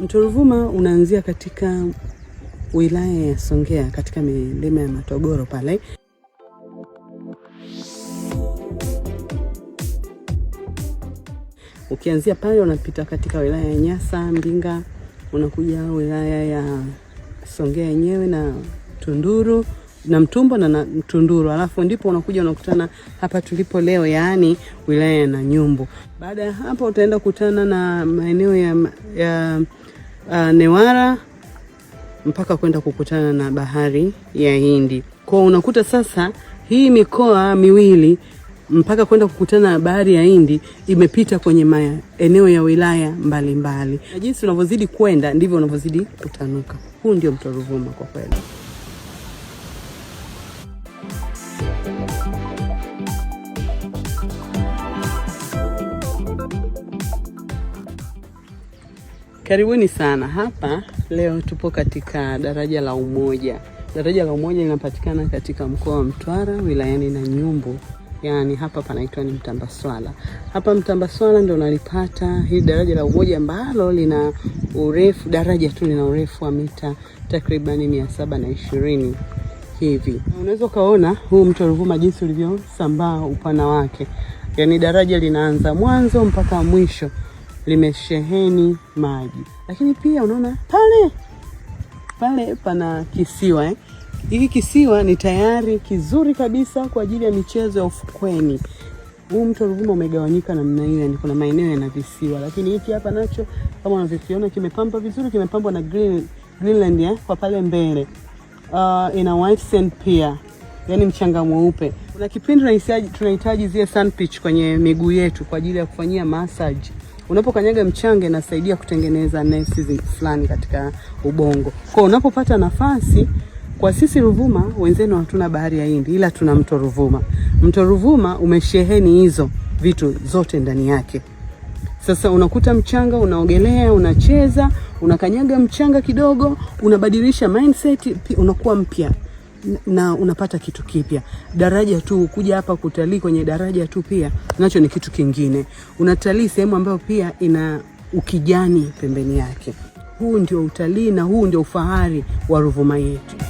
Mto Ruvuma unaanzia katika wilaya ya Songea katika milima ya Matogoro pale. Ukianzia pale unapita katika wilaya ya Nyasa, Mbinga, unakuja wilaya ya Songea yenyewe na Tunduru na Mtumbo na, na Mtunduru, alafu ndipo unakuja unakutana hapa tulipo leo, yaani wilaya ya Nanyumbu. Baada ya hapo utaenda kutana na maeneo ya, ya uh, Newara mpaka kwenda kukutana na bahari ya Hindi. Kwa unakuta sasa hii mikoa miwili mpaka kwenda kukutana na bahari ya Hindi imepita kwenye maeneo ya wilaya mbalimbali, na jinsi unavyozidi kwenda ndivyo unavyozidi kutanuka. Huu ndio Mto Ruvuma kwa kweli. Karibuni sana hapa. Leo tupo katika daraja la Umoja. Daraja la Umoja linapatikana katika mkoa wa Mtwara wilayani nyumbu yaani hapa panaitwa ni Mtambaswala. Hapa Mtambaswala ndo nalipata hili daraja la Umoja ambalo lina urefu, daraja tu lina urefu wa mita takribani mia saba na ishirini hivi. Unaweza ukaona huu mto Ruvuma jinsi ulivyosambaa upana wake, yaani daraja linaanza mwanzo mpaka mwisho limesheheni maji, lakini pia unaona pale pale pana kisiwa eh? Hiki kisiwa ni tayari kizuri kabisa kwa ajili ya michezo ya ufukweni. Huu mto Ruvuma umegawanyika namna hiyo, yani kuna maeneo yana visiwa, lakini hiki hapa nacho kama unavyokiona kimepamba vizuri, kimepambwa na green, Greenland eh, kwa pale mbele uh, ina white sand pia, yani mchanga mweupe. Kuna kipindi tunahitaji zile sand pitch kwenye miguu yetu kwa ajili ya kufanyia massage. Unapokanyaga mchanga inasaidia kutengeneza nerves fulani katika ubongo. Kwa unapopata nafasi kwa sisi Ruvuma wenzenu hatuna bahari ya Hindi ila tuna mto Ruvuma. Mto Ruvuma umesheheni hizo vitu zote ndani yake. Sasa unakuta mchanga, unaogelea, unacheza, unakanyaga mchanga kidogo, unabadilisha mindset, unakuwa mpya na unapata kitu kipya. Daraja tu kuja hapa kutalii kwenye daraja tu pia nacho ni kitu kingine. Unatalii sehemu ambayo pia ina ukijani pembeni yake. Huu ndio utalii na huu ndio ufahari wa Ruvuma yetu.